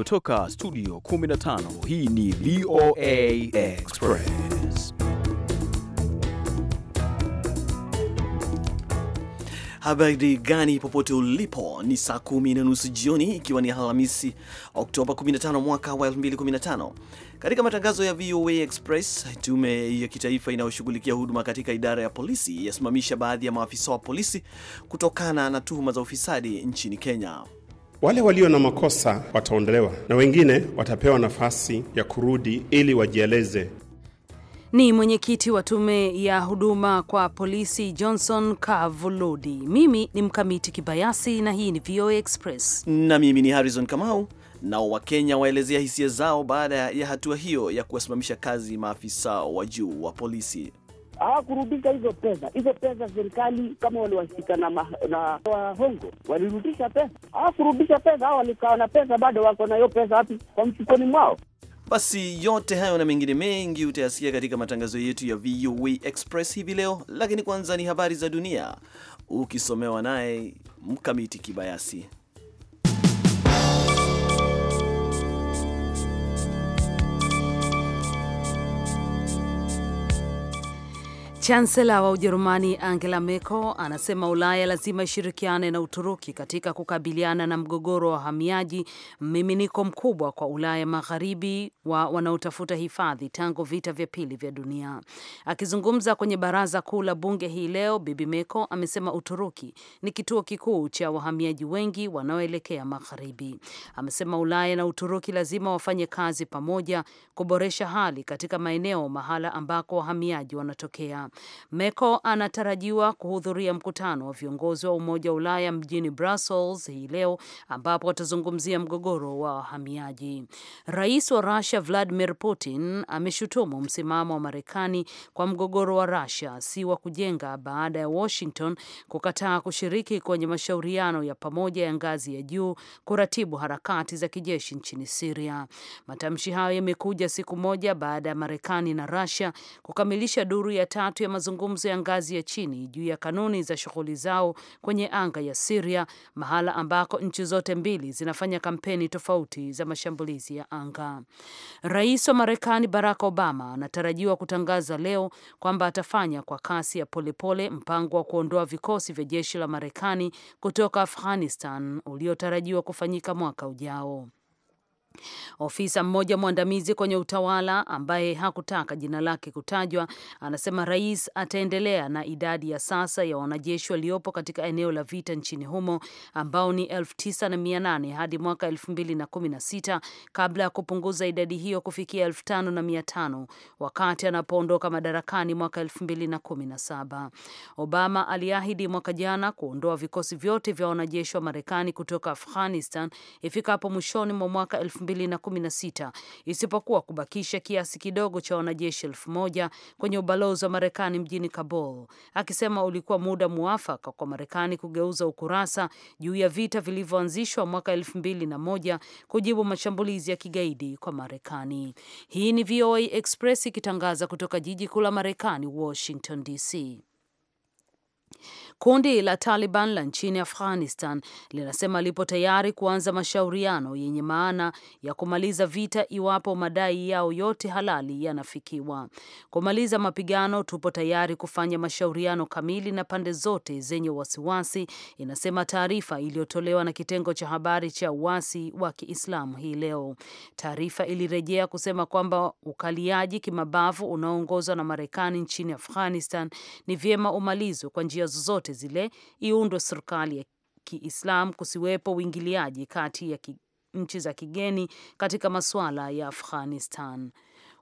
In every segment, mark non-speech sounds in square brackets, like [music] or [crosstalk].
Kutoka studio 15 hii ni VOA Express. Habari gani popote ulipo, ni saa kumi na nusu jioni, ikiwa ni Alhamisi Oktoba 15 mwaka wa 2015. Katika matangazo ya VOA Express, tume ya kitaifa inayoshughulikia huduma katika idara ya polisi yasimamisha baadhi ya maafisa wa polisi kutokana na tuhuma za ufisadi nchini Kenya. Wale walio na makosa wataondolewa na wengine watapewa nafasi ya kurudi ili wajieleze. Ni mwenyekiti wa tume ya huduma kwa polisi Johnson Kavuludi. Mimi ni Mkamiti Kibayasi na hii ni VOA Express na mimi ni Harrison Kamau. Nao Wakenya waelezea hisia zao baada ya hatua hiyo ya kuwasimamisha kazi maafisa wa juu wa polisi hawakurudisha hizo pesa. Hizo pesa serikali kama waliwashika na, na wahongo walirudisha pesa, hawakurudisha pesa. Hao walikawa na pesa, bado wako na hiyo pesa wapi? Kwa mfukoni mwao. Basi yote hayo na mengine mengi utayasikia katika matangazo yetu ya VOA e Express hivi leo, lakini kwanza ni habari za dunia ukisomewa naye Mkamiti Kibayasi. Chansela wa Ujerumani Angela Merkel anasema Ulaya lazima ishirikiane na Uturuki katika kukabiliana na mgogoro wa wahamiaji, mmiminiko mkubwa kwa Ulaya magharibi wa wanaotafuta hifadhi tangu vita vya pili vya dunia. Akizungumza kwenye baraza kuu la bunge hii leo, Bibi Merkel amesema Uturuki ni kituo kikuu cha wahamiaji wengi wanaoelekea magharibi. Amesema Ulaya na Uturuki lazima wafanye kazi pamoja kuboresha hali katika maeneo mahala ambako wahamiaji wanatokea. Meko anatarajiwa kuhudhuria mkutano wa viongozi wa Umoja wa Ulaya mjini Brussels hii leo ambapo atazungumzia mgogoro wa wahamiaji. Rais wa Russia Vladimir Putin ameshutumu msimamo wa Marekani kwa mgogoro wa rusia si wa kujenga baada ya Washington kukataa kushiriki kwenye mashauriano ya pamoja ya ngazi ya juu kuratibu harakati za kijeshi nchini siria Matamshi hayo yamekuja siku moja baada ya Marekani na rasia kukamilisha duru ya tatu ya mazungumzo ya ngazi ya chini juu ya kanuni za shughuli zao kwenye anga ya Siria, mahala ambako nchi zote mbili zinafanya kampeni tofauti za mashambulizi ya anga. Rais wa Marekani Barack Obama anatarajiwa kutangaza leo kwamba atafanya kwa kasi ya polepole mpango wa kuondoa vikosi vya jeshi la Marekani kutoka Afghanistan uliotarajiwa kufanyika mwaka ujao. Ofisa mmoja mwandamizi kwenye utawala ambaye hakutaka jina lake kutajwa anasema rais ataendelea na idadi ya sasa ya wanajeshi waliopo katika eneo la vita nchini humo ambao ni 98 hadi mwaka elfu kabla ya kupunguza idadi hiyo kufikia 55 wakati anapoondoka madarakani mwaka 217 Obama aliahidi mwaka jana kuondoa vikosi vyote vya wanajeshi wa Marekani kutoka Afghanistan ifikapo mwishoni mwa mwaka 16 isipokuwa kubakisha kiasi kidogo cha wanajeshi elfu moja kwenye ubalozi wa Marekani mjini Kabul, akisema ulikuwa muda muafaka kwa Marekani kugeuza ukurasa juu ya vita vilivyoanzishwa mwaka elfu mbili na moja kujibu mashambulizi ya kigaidi kwa Marekani. Hii ni VOA Express ikitangaza kutoka jiji kuu la Marekani, Washington DC. Kundi la Taliban la nchini Afghanistan linasema lipo tayari kuanza mashauriano yenye maana ya kumaliza vita iwapo madai yao yote halali yanafikiwa. Kumaliza mapigano, tupo tayari kufanya mashauriano kamili na pande zote zenye wasiwasi, inasema taarifa iliyotolewa na kitengo cha habari cha uasi wa Kiislamu hii leo. Taarifa ilirejea kusema kwamba ukaliaji kimabavu unaoongozwa na Marekani nchini Afghanistan ni vyema umalizwe kwa njia zozote zozote zile iundwe serikali ya Kiislam, kusiwepo uingiliaji kati ya ki nchi za kigeni katika masuala ya Afghanistan.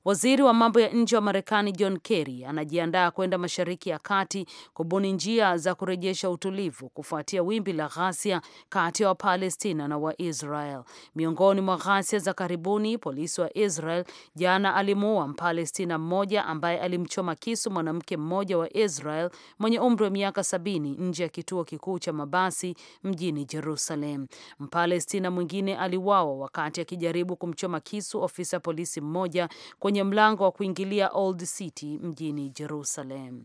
Waziri wa mambo ya nje wa Marekani John Kerry anajiandaa kwenda Mashariki ya Kati kubuni njia za kurejesha utulivu kufuatia wimbi la ghasia kati ya Wapalestina na Waisrael. Miongoni mwa ghasia za karibuni, polisi wa Israel jana alimuua Mpalestina mmoja ambaye alimchoma kisu mwanamke mmoja wa Israel mwenye umri wa miaka sabini nje ya kituo kikuu cha mabasi mjini Jerusalem. Mpalestina mwingine aliwawa wakati akijaribu kumchoma kisu ofisa polisi mmoja kwenye kwenye mlango wa kuingilia Old City mjini Jerusalem.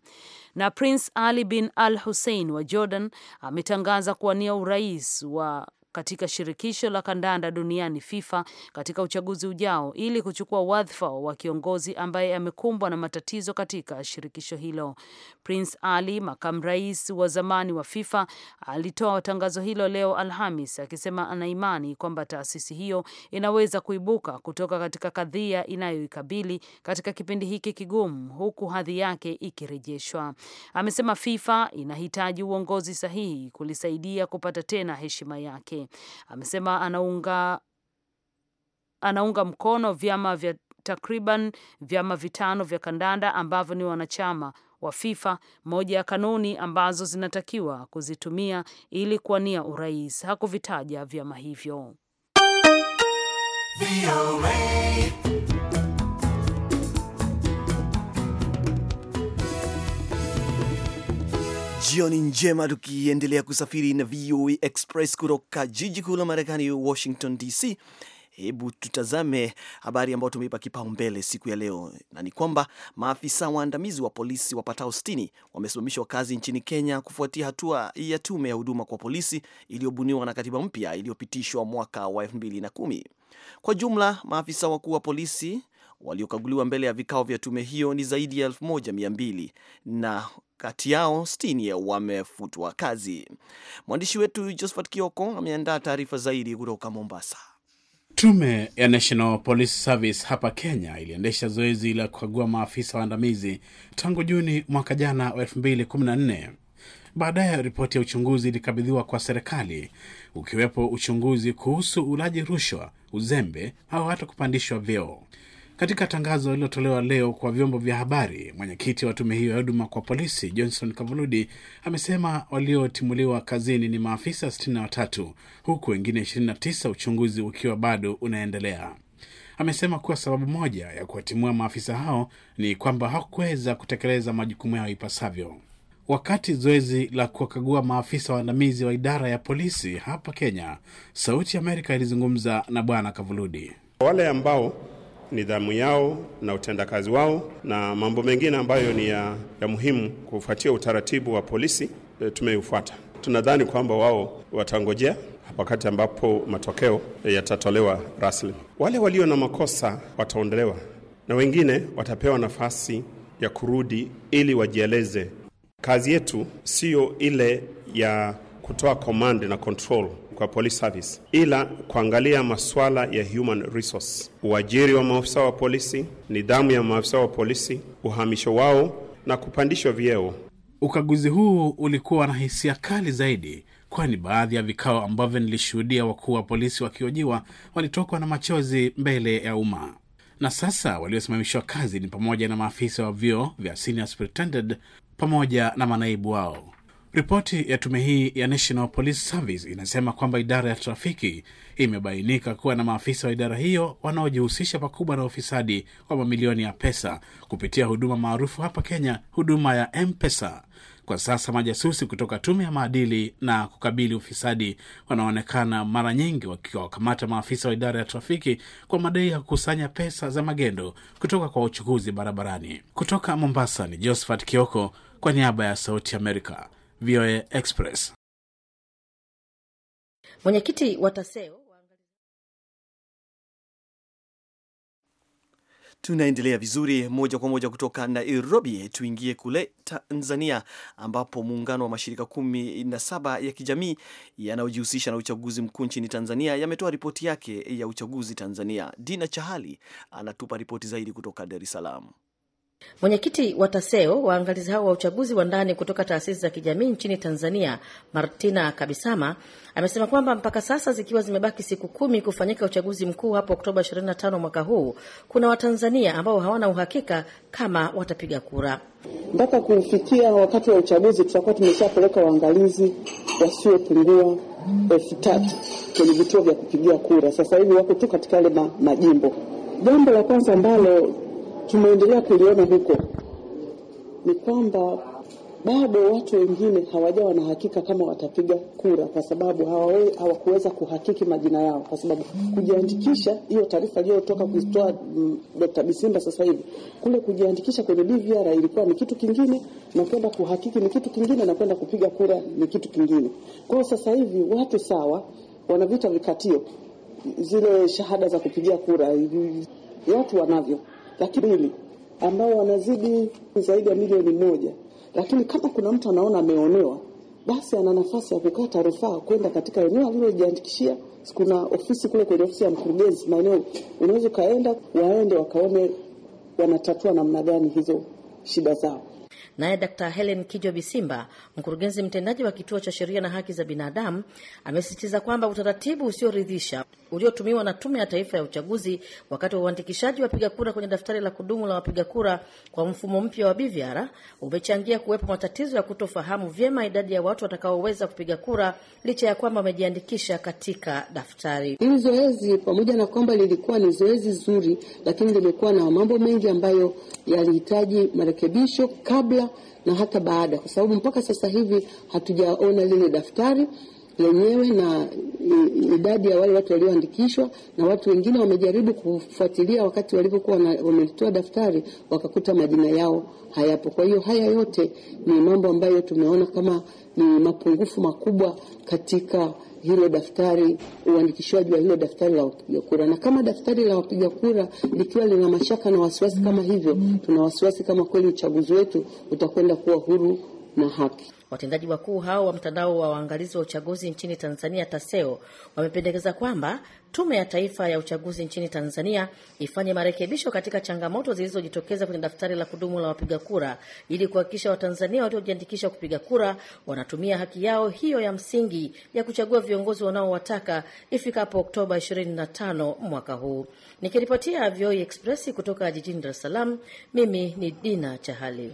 Na Prince Ali bin Al Hussein wa Jordan ametangaza kuwania urais wa katika shirikisho la kandanda duniani FIFA katika uchaguzi ujao ili kuchukua wadhifa wa kiongozi ambaye amekumbwa na matatizo katika shirikisho hilo. Prince Ali, makamu rais wa zamani wa FIFA, alitoa tangazo hilo leo Alhamis akisema ana imani kwamba taasisi hiyo inaweza kuibuka kutoka katika kadhia inayoikabili katika kipindi hiki kigumu, huku hadhi yake ikirejeshwa. Amesema FIFA inahitaji uongozi sahihi kulisaidia kupata tena heshima yake amesema anaunga, anaunga mkono vyama vya takriban vyama vitano vya kandanda ambavyo ni wanachama wa FIFA, moja ya kanuni ambazo zinatakiwa kuzitumia ili kuwania urais. Hakuvitaja vyama hivyo. Jioni njema, tukiendelea kusafiri na VOA Express kutoka jiji kuu la Marekani, Washington DC. Hebu tutazame habari ambayo tumeipa kipaumbele siku ya leo, na ni kwamba maafisa waandamizi wa polisi wapatao 60 wamesimamishwa kazi nchini Kenya kufuatia hatua ya tume ya huduma kwa polisi iliyobuniwa na katiba mpya iliyopitishwa mwaka wa 2010. Kwa jumla maafisa wakuu wa polisi waliokaguliwa mbele ya vikao vya tume hiyo ni zaidi ya 1200 na kati yao 60 wamefutwa kazi. Mwandishi wetu Josephat Kioko ameandaa taarifa zaidi kutoka Mombasa. Tume ya National Police Service hapa Kenya iliendesha zoezi la kukagua maafisa waandamizi tangu Juni mwaka jana wa 2014. Baadaye ripoti ya uchunguzi ilikabidhiwa kwa serikali, ukiwepo uchunguzi kuhusu ulaji rushwa, uzembe au hata kupandishwa vyeo. Katika tangazo lililotolewa leo kwa vyombo vya habari, mwenyekiti wa tume hiyo ya huduma kwa polisi Johnson Kavuludi amesema waliotimuliwa kazini ni maafisa 63 huku wengine 29 uchunguzi ukiwa bado unaendelea. Amesema kuwa sababu moja ya kuwatimua maafisa hao ni kwamba hawakuweza kutekeleza majukumu yao ipasavyo. Wakati zoezi la kuwakagua maafisa waandamizi wa idara ya polisi hapa Kenya, Sauti ya Amerika ilizungumza na Bwana Kavuludi. Wale ambao nidhamu yao na utendakazi wao na mambo mengine ambayo ni ya, ya muhimu kufuatia utaratibu wa polisi e, eh, tumeufuata. Tunadhani kwamba wao watangojea wakati ambapo matokeo eh, yatatolewa rasmi. Wale walio na makosa wataondolewa na wengine watapewa nafasi ya kurudi ili wajieleze. Kazi yetu siyo ile ya kutoa command na control kwa police service, ila kuangalia masuala ya human resource, uajiri wa maafisa wa polisi, nidhamu ya maafisa wa polisi, uhamisho wao na kupandishwa vyeo. Ukaguzi huu ulikuwa na hisia kali zaidi, kwani baadhi ya vikao ambavyo nilishuhudia wakuu wa polisi wakiojiwa walitokwa na machozi mbele ya umma. Na sasa waliosimamishwa kazi ni pamoja na maafisa wa vyeo vya senior superintendent pamoja na manaibu wao. Ripoti ya tume hii ya National Police Service inasema kwamba idara ya trafiki imebainika kuwa na maafisa wa idara hiyo wanaojihusisha pakubwa na ufisadi wa mamilioni ya pesa kupitia huduma maarufu hapa Kenya, huduma ya M-Pesa. Kwa sasa majasusi kutoka tume ya maadili na kukabili ufisadi wanaonekana mara nyingi wakiwakamata maafisa wa idara ya trafiki kwa madai ya kukusanya pesa za magendo kutoka kwa uchukuzi barabarani. Kutoka Mombasa ni Josephat Kioko kwa niaba ya Sauti Amerika. VOA Express. Mwenyekiti wa TASEO Tunaendelea vizuri moja kwa moja kutoka Nairobi, tuingie kule Tanzania, ambapo muungano wa mashirika kumi na saba ya kijamii yanayojihusisha na uchaguzi mkuu nchini Tanzania yametoa ripoti yake ya uchaguzi Tanzania. Dina Chahali anatupa ripoti zaidi kutoka Dar es Salaam. Mwenyekiti wa TASEO, waangalizi hao wa uchaguzi wa ndani kutoka taasisi za kijamii nchini Tanzania, Martina Kabisama, amesema kwamba mpaka sasa zikiwa zimebaki siku kumi kufanyika uchaguzi mkuu hapo Oktoba 25 mwaka huu, kuna Watanzania ambao hawana uhakika kama watapiga kura. Mpaka kufikia wakati wa uchaguzi, tutakuwa tumeshapeleka waangalizi wasiopungua elfu tatu kwenye vituo vya kupigia kura. Sasa hivi wako tu katika yale majimbo. Jambo la kwanza ambalo tumeendelea kuliona huko ni kwamba bado watu wengine hawajawa na hakika kama watapiga kura, kwa sababu hawakuweza kuhakiki majina yao, kwa sababu kujiandikisha, hiyo taarifa iliyotoka kuitoa Dr. Bisimba sasa hivi, kule kujiandikisha kwenye BVR ilikuwa ni kitu kingine, na kwenda kuhakiki ni kitu kingine, na kwenda kupiga kura ni kitu kingine. Kwa hiyo sasa hivi watu sawa wanavita vikatio, zile shahada za kupigia kura watu wanavyo laki mbili ambao wanazidi zaidi ya milioni moja. Lakini kama kuna mtu anaona ameonewa, basi ana nafasi ya kukata rufaa kwenda katika eneo alilojiandikishia. Kuna ofisi kule kwenye ofisi ya mkurugenzi maeneo, unaweza ukaenda, waende wakaone wanatatua namna gani hizo shida zao. Naye Dr. Helen Kijo Bisimba, mkurugenzi mtendaji wa kituo cha sheria na haki za binadamu, amesisitiza kwamba utaratibu usioridhisha uliotumiwa na Tume ya Taifa ya Uchaguzi wakati wa uandikishaji wapiga kura kwenye daftari la kudumu la wapiga kura kwa mfumo mpya wa BVR umechangia kuwepo matatizo ya kutofahamu vyema idadi ya watu watakaoweza kupiga kura licha ya kwamba wamejiandikisha katika daftari. Hili zoezi pamoja na kwamba lilikuwa ni zoezi zuri, lakini limekuwa na mambo mengi ambayo yalihitaji marekebisho kabla na hata baada, kwa sababu mpaka sasa hivi hatujaona lile daftari yenyewe na idadi ya wale watu walioandikishwa, na watu wengine wamejaribu kufuatilia wakati walivyokuwa wamelitoa daftari wakakuta majina yao hayapo. Kwa hiyo haya yote ni mambo ambayo tumeona kama ni mapungufu makubwa katika hilo daftari, uandikishwaji wa hilo daftari la wapiga kura. Na kama daftari la wapiga kura likiwa lina mashaka na wasiwasi kama hivyo, tuna wasiwasi kama kweli uchaguzi wetu utakwenda kuwa huru na haki. Watendaji wakuu hao wa mtandao wa waangalizi wa uchaguzi nchini Tanzania, TASEO, wamependekeza kwamba Tume ya Taifa ya Uchaguzi nchini Tanzania ifanye marekebisho katika changamoto zilizojitokeza kwenye daftari la kudumu la wapiga kura ili kuhakikisha Watanzania waliojiandikisha kupiga kura wanatumia haki yao hiyo ya msingi ya kuchagua viongozi wanaowataka ifikapo Oktoba 25 mwaka huu. Nikiripotia VOA e Express kutoka jijini Dar es Salaam, mimi ni Dina Chahali.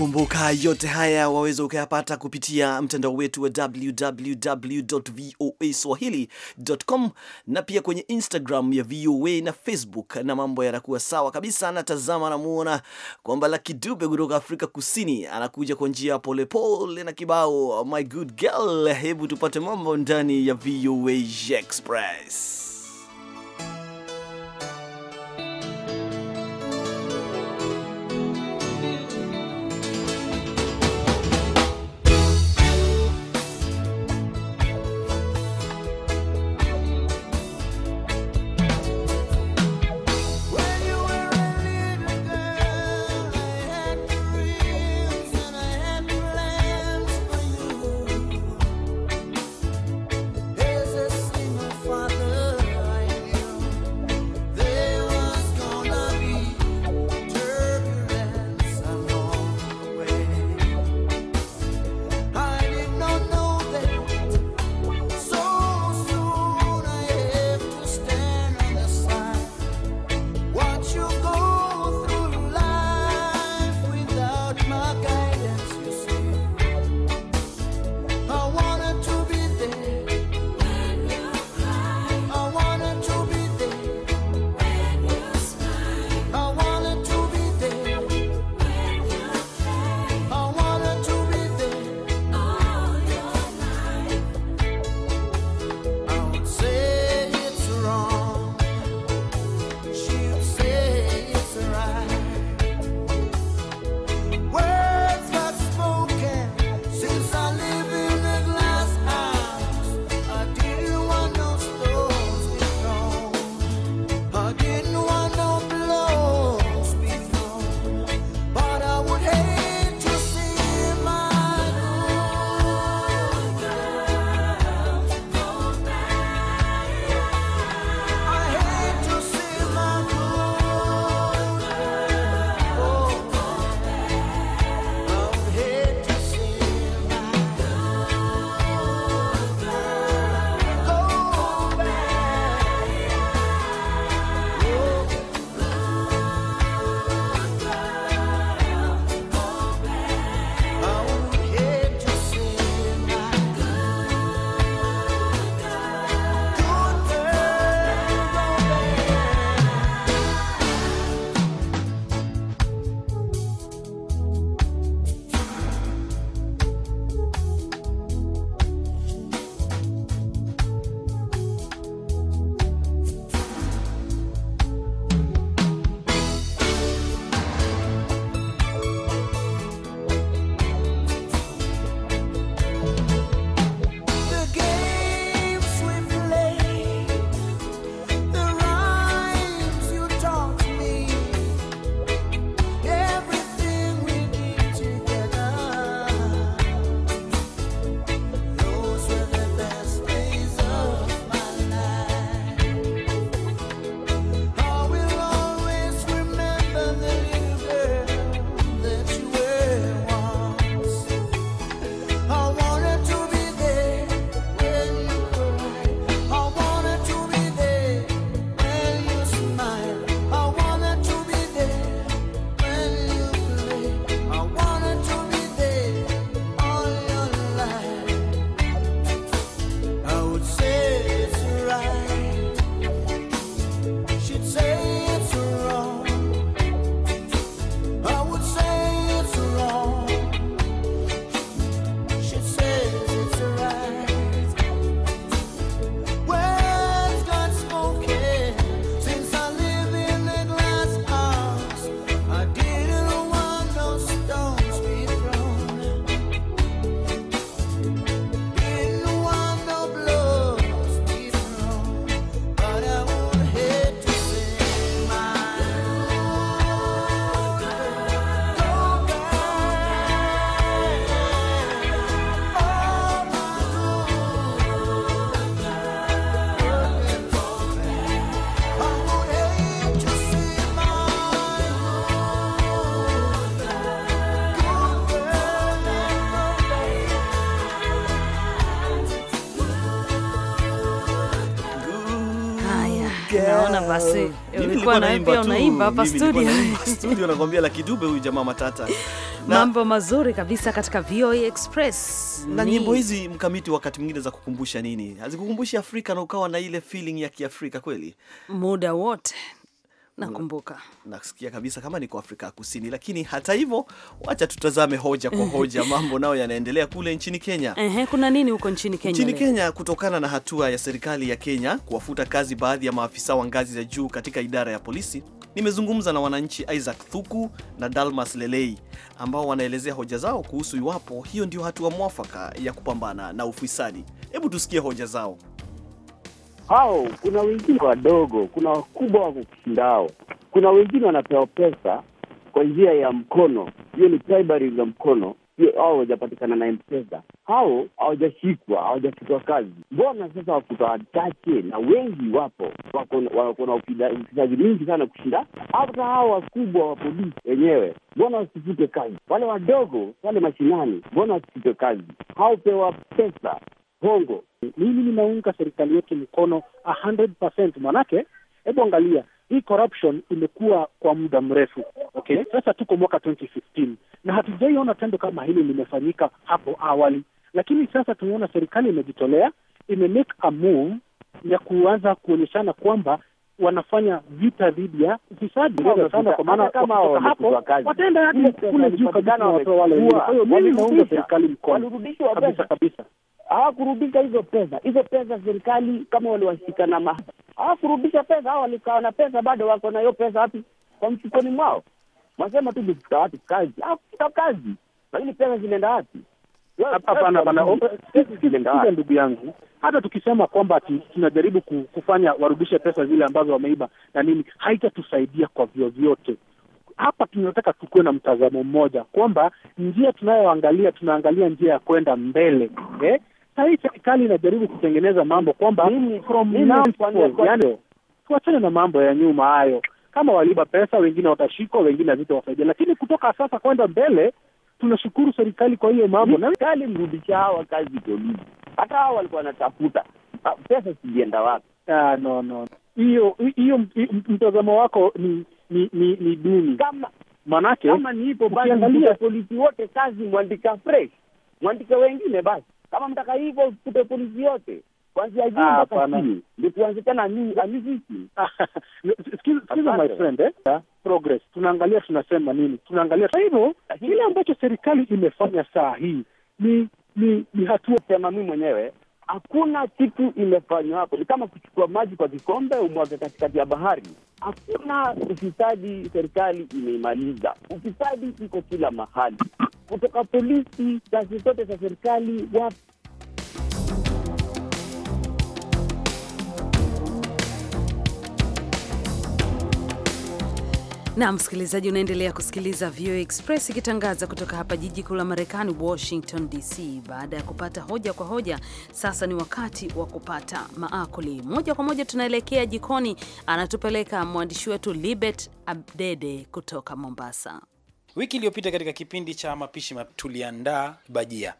Kumbuka yote haya waweza ukayapata kupitia mtandao wetu wa www.voaswahili.com na pia kwenye Instagram ya VOA na Facebook, na mambo yanakuwa sawa kabisa. anatazama namuona kwamba Lucky Dube kutoka Afrika Kusini anakuja kwa njia polepole na kibao my good girl. Hebu tupate mambo ndani ya VOA Express. basi eh, ulikuwa na pia unaimba hapa studio studio, nakwambia la kidube huyu jamaa matata na, mambo mazuri kabisa katika VOA e Express na nyimbo hizi mkamiti, wakati mwingine za kukumbusha nini, hazikukumbushi Afrika na ukawa na ile feeling ya Kiafrika kweli muda wote nakumbuka nasikia kabisa kama niko Afrika ya Kusini, lakini hata hivyo, wacha tutazame hoja kwa [laughs] hoja mambo nayo yanaendelea kule nchini Kenya. Ehe, kuna nini huko nchini Kenya? Nchini Kenya, kutokana na hatua ya serikali ya Kenya kuwafuta kazi baadhi ya maafisa wa ngazi za juu katika idara ya polisi, nimezungumza na wananchi Isaac Thuku na Dalmas Lelei ambao wanaelezea hoja zao kuhusu iwapo hiyo ndio hatua mwafaka ya kupambana na ufisadi. Hebu tusikie hoja zao hao, kuna wengine wadogo, kuna wakubwa wako kukushindao, kuna wengine wanapewa pesa kwa njia ya mkono, hiyo ni bribery za mkono hao hawajapatikana na mpesa hao hawajashikwa, hawajafutwa kazi. Mbona sasa wafutwa wachache na wengi wapo, wako na ufisadi mingi sana kushinda hata hao wakubwa wa polisi wenyewe? Mbona wasifute kazi? Wale wadogo wale mashinani, mbona wasifute kazi? haupewa pesa hongo mimi ninaunga serikali yetu mkono 100%, manake hebu angalia hii corruption imekuwa kwa muda mrefu okay. Sasa tuko mwaka 2015 na hatujaiona tendo kama hili limefanyika hapo awali, lakini sasa tumeona serikali imejitolea, ime make a move ya kuanza kuonyeshana kwamba wanafanya vita dhidi ya ufisadi sana, kwa maana kama hapo wataenda hadi kule juu kabisa na watoa wale. Kwa hiyo mimi naunga serikali mkono kabisa kabisa hawakurudisha hizo pesa. Hizo pesa serikali kama waliwashika na ma hawakurudisha pesa, hao walikaa na pesa, bado wako na hiyo pesa. Wapi? Kwa mfukoni mwao. Wasema tu kufuta watu kazi, hawakufuta kazi, lakini pesa zinaenda wapi? Hapana bana, ndugu yangu, hata tukisema kwamba tunajaribu kufanya warudishe pesa zile ambazo wameiba na nini, haitatusaidia kwa vyovyote. Hapa tunataka tukuwe na mtazamo mmoja kwamba njia tunayoangalia, tunaangalia njia ya kwenda mbele eh? Sasa hii serikali inajaribu kutengeneza mambo kwamba yaani, tuachane na mambo ya nyuma hayo. Kama waliba pesa, wengine watashikwa, wengine hazitawasaidia, lakini kutoka sasa kwenda mbele tunashukuru serikali kwa hiyo mambo. Na serikali mrudisha hawa kazi polisi, hata hawa walikuwa wanatafuta ah, pesa, sijienda wapi? Ah, no no, hiyo hiyo mtazamo wako ni ni ni, ni duni. Kama manake kama niipo basi polisi wote kazi mwandika fresh, mwandika wengine basi kama mtaka hivyo tupe polisi yote kuanzia juu ah, mpaka chini, ndio tuanze tena amiziki. Sikiza [laughs] my friend eh? Progress tunaangalia, tunasema nini, tunaangalia kwa hivyo kile ambacho serikali imefanya saa hii ni ni ni hatua. Sema mimi mwenyewe Hakuna kitu imefanywa hapo, ni kama kuchukua maji kwa kikombe umwaga katikati ya bahari. Hakuna ufisadi, serikali imeimaliza ufisadi. Iko kila mahali, kutoka polisi, taasisi zote za serikali, watu na msikilizaji, unaendelea kusikiliza VOA Express ikitangaza kutoka hapa jiji kuu la Marekani, Washington DC. Baada ya kupata hoja kwa hoja, sasa ni wakati wa kupata maakuli. Moja kwa moja tunaelekea jikoni, anatupeleka mwandishi wetu Libet Abdede kutoka Mombasa. Wiki iliyopita katika kipindi cha mapishi tuliandaa bajia.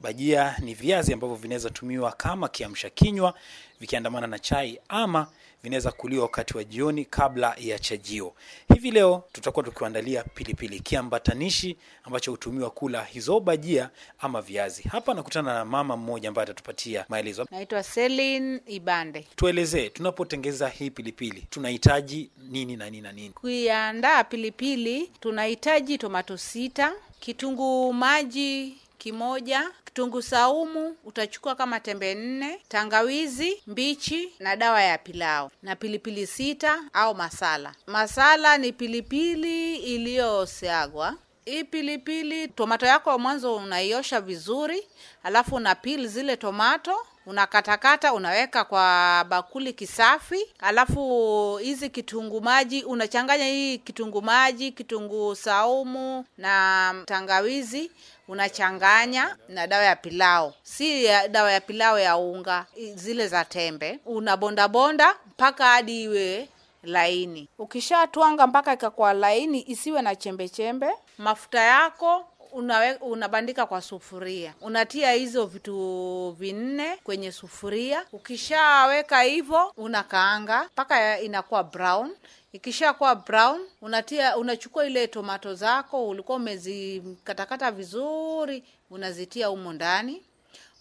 Bajia ni viazi ambavyo vinaweza tumiwa kama kiamsha kinywa vikiandamana na chai ama vinaweza kuliwa wakati wa jioni kabla ya chajio. Hivi leo tutakuwa tukiandalia pilipili, kiambatanishi ambacho hutumiwa kula hizo bajia ama viazi. Hapa nakutana na mama mmoja ambaye atatupatia maelezo. Naitwa Selin Ibande. Tuelezee, tunapotengeza hii pilipili tunahitaji nini na nini na nini? Kuiandaa pilipili tunahitaji tomato sita, kitunguu maji kimoja, kitungu saumu utachukua kama tembe nne, tangawizi mbichi na dawa ya pilau na pilipili sita au masala. Masala ni pilipili iliyosiagwa. Hii pilipili tomato yako mwanzo unaiosha vizuri, alafu una pili zile tomato unakatakata unaweka kwa bakuli kisafi, alafu hizi kitungu maji unachanganya hii kitungu maji, kitunguu saumu na tangawizi, unachanganya na dawa ya pilau, si ya dawa ya pilau ya unga, zile za tembe, unabondabonda mpaka hadi iwe laini. Ukishatwanga mpaka ikakuwa laini, isiwe na chembechembe -chembe. Mafuta yako unawe, unabandika kwa sufuria, unatia hizo vitu vinne kwenye sufuria. Ukishaweka hivyo, unakaanga mpaka inakuwa brown Ikishakuwa brown, unatia unachukua ile tomato zako ulikuwa umezikatakata vizuri, unazitia humo ndani,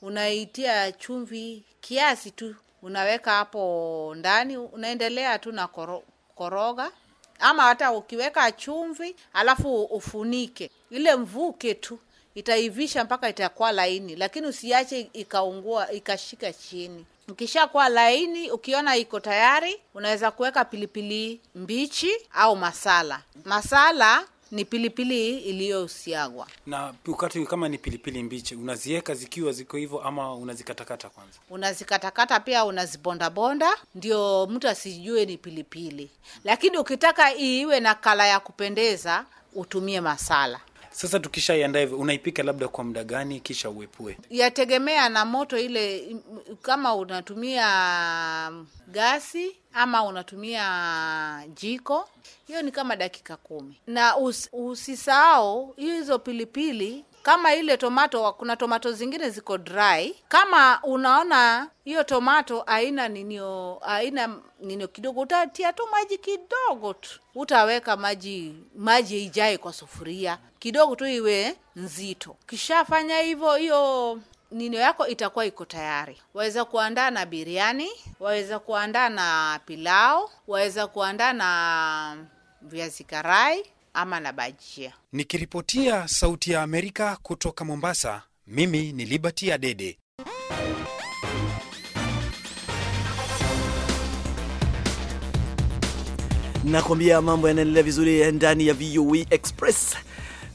unaitia chumvi kiasi tu, unaweka hapo ndani, unaendelea tu na koro, koroga ama hata ukiweka chumvi alafu ufunike ile mvuke tu itaivisha mpaka itakuwa laini, lakini usiache ikaungua ikashika chini. Ukishakuwa laini, ukiona iko tayari, unaweza kuweka pilipili mbichi au masala. Masala ni pilipili iliyosiagwa. Na wakati kama ni pilipili mbichi, unaziweka zikiwa ziko hivyo ama unazikatakata kwanza? Unazikatakata pia unazibondabonda, ndio mtu asijue ni pilipili. Lakini ukitaka iwe na kala ya kupendeza, utumie masala. Sasa tukishaiandaa hivi, unaipika labda kwa muda gani kisha uepue? Yategemea na moto ile, kama unatumia gasi ama unatumia jiko, hiyo ni kama dakika kumi. Na usisahau hizo pilipili kama ile tomato, kuna tomato zingine ziko dry. Kama unaona hiyo tomato aina ninio, aina ninio kidogo, utatia tu maji kidogo tu, utaweka maji maji ijae kwa sufuria kidogo tu iwe nzito. Kishafanya hivyo hiyo ninio yako itakuwa iko tayari. Waweza kuandaa na biriani, waweza kuandaa na pilau, waweza kuandaa na viazi karai ama na bajia. Nikiripotia Sauti ya Amerika kutoka Mombasa, mimi ni Liberty Adede. Nakwambia mambo yanaendelea vizuri ndani ya VOA e Express.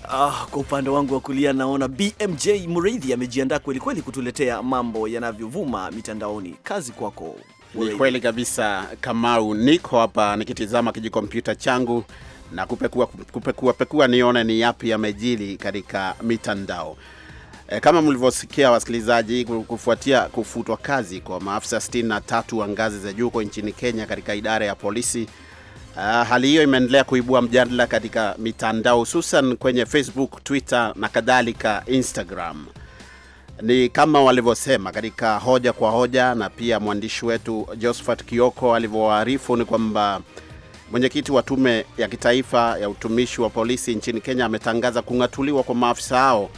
Ah, kwa upande wangu wa kulia naona BMJ Murithi amejiandaa kweli kweli kutuletea mambo yanavyovuma mitandaoni. Kazi kwako. Ni kweli kabisa Kamau, niko hapa nikitizama kijikompyuta changu na kupekua, kupekua, pekua nione ni yapi yamejiri katika mitandao. E, kama mlivyosikia wasikilizaji, kufuatia kufutwa kazi kwa maafisa 63 wa ngazi za juu huko nchini Kenya katika idara ya polisi. Uh, hali hiyo imeendelea kuibua mjadala katika mitandao hususan kwenye Facebook, Twitter na kadhalika Instagram. Ni kama walivyosema katika hoja kwa hoja, na pia mwandishi wetu Josephat Kioko alivyowaarifu ni kwamba Mwenyekiti wa tume ya kitaifa ya utumishi wa polisi nchini Kenya ametangaza kung'atuliwa kwa maafisa hao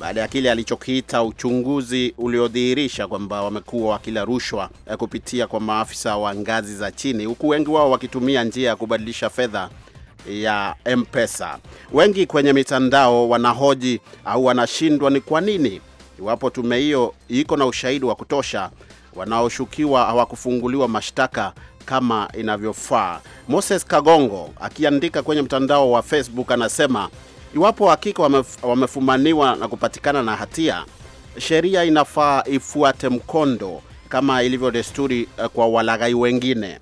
baada ya kile alichokiita uchunguzi uliodhihirisha kwamba wamekuwa wakila rushwa eh, kupitia kwa maafisa wa ngazi za chini, huku wengi wao wakitumia njia ya kubadilisha fedha ya M-Pesa. Wengi kwenye mitandao wanahoji au wanashindwa ni kwa nini, iwapo tume hiyo iko na ushahidi wa kutosha, wanaoshukiwa hawakufunguliwa mashtaka kama inavyofaa. Moses Kagongo akiandika kwenye mtandao wa Facebook anasema iwapo hakika wamefumaniwa na kupatikana na hatia, sheria inafaa ifuate mkondo kama ilivyo desturi eh, kwa walaghai wengine.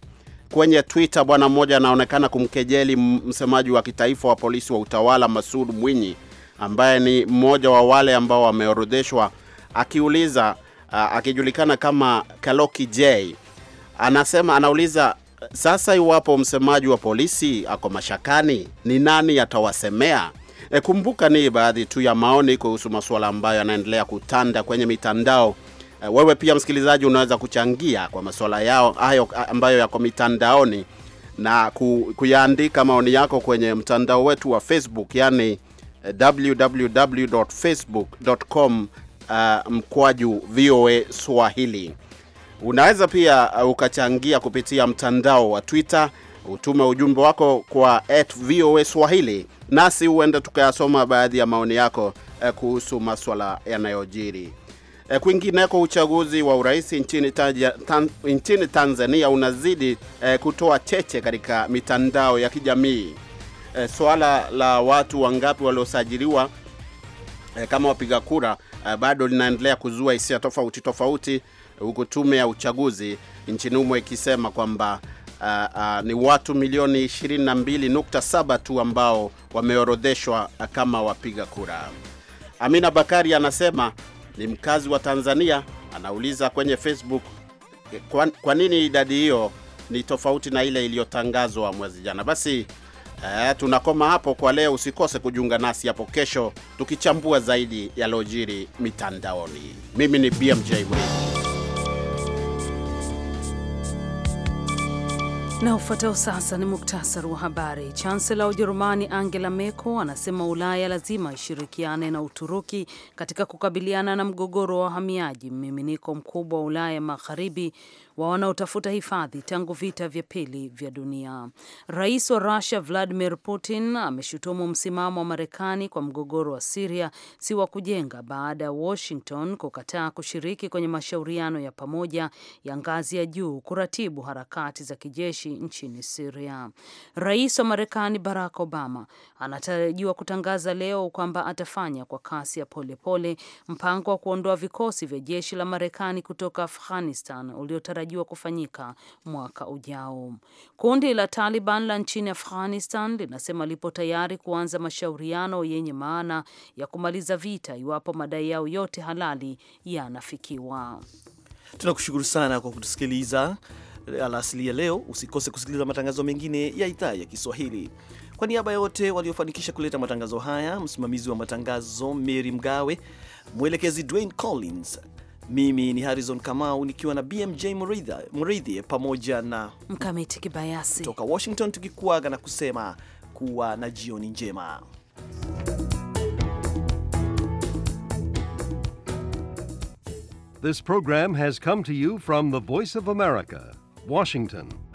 Kwenye Twitter bwana mmoja anaonekana kumkejeli msemaji wa kitaifa wa polisi wa utawala Masud Mwinyi ambaye ni mmoja wa wale ambao wameorodheshwa, akiuliza ah, akijulikana kama Kaloki J anasema, anauliza sasa, iwapo msemaji wa polisi ako mashakani, ni nani atawasemea? E, kumbuka ni baadhi tu ya maoni kuhusu masuala ambayo yanaendelea kutanda kwenye mitandao. E, wewe pia msikilizaji unaweza kuchangia kwa masuala yao hayo ambayo yako mitandaoni na kuyaandika maoni yako kwenye mtandao wetu wa Facebook, yani www.facebook.com uh, mkwaju VOA Swahili. Unaweza pia uh, ukachangia kupitia mtandao wa Twitter, utume ujumbe wako kwa @voa swahili, nasi huenda tukayasoma baadhi ya maoni yako uh, kuhusu maswala yanayojiri. Uh, kwingineko, uchaguzi wa urais nchini, tan, nchini Tanzania unazidi eh, kutoa cheche katika mitandao ya kijamii eh, swala la watu wangapi waliosajiliwa eh, kama wapiga kura eh, bado linaendelea kuzua hisia tofauti tofauti huku tume ya uchaguzi nchini humo ikisema kwamba uh, uh, ni watu milioni 22.7 tu ambao wameorodheshwa kama wapiga kura. Amina Bakari anasema ni mkazi wa Tanzania, anauliza kwenye Facebook kwa, kwa nini idadi hiyo ni tofauti na ile iliyotangazwa mwezi jana. Basi uh, tunakoma hapo kwa leo. Usikose kujiunga nasi hapo kesho tukichambua zaidi yaliojiri mitandaoni. Mimi ni BMJ Mwini. Na ufuatao sasa ni muktasari wa habari. Chansela wa Ujerumani Angela Merkel anasema Ulaya lazima ishirikiane na Uturuki katika kukabiliana na mgogoro wa wahamiaji, mmiminiko mkubwa wa Ulaya Magharibi wa wanaotafuta hifadhi tangu vita vya pili vya dunia. Rais wa Rusia Vladimir Putin ameshutumu msimamo wa Marekani kwa mgogoro wa Siria si wa kujenga baada ya Washington kukataa kushiriki kwenye mashauriano ya pamoja ya ngazi ya juu kuratibu harakati za kijeshi nchini Siria. Rais wa Marekani Barack Obama anatarajiwa kutangaza leo kwamba atafanya kwa kasi ya polepole mpango wa kuondoa vikosi vya jeshi la Marekani kutoka Afghanistan uliotarajia yanatarajiwa kufanyika mwaka ujao. Kundi la Taliban la nchini Afghanistan linasema lipo tayari kuanza mashauriano yenye maana ya kumaliza vita iwapo madai yao yote halali yanafikiwa. Tunakushukuru sana kwa kutusikiliza alasili ya leo. Usikose kusikiliza matangazo mengine ya idhaa ya Kiswahili. Kwa niaba ya wote waliofanikisha kuleta matangazo haya, msimamizi wa matangazo Mary Mgawe, mwelekezi Dwayne Collins, mimi ni Harrison Kamau nikiwa na BMJ Muridhi pamoja na Mkamiti Kibayasi kutoka Washington, tukikuaga na kusema kuwa na jioni njema. This program has come to you from the Voice of America, Washington.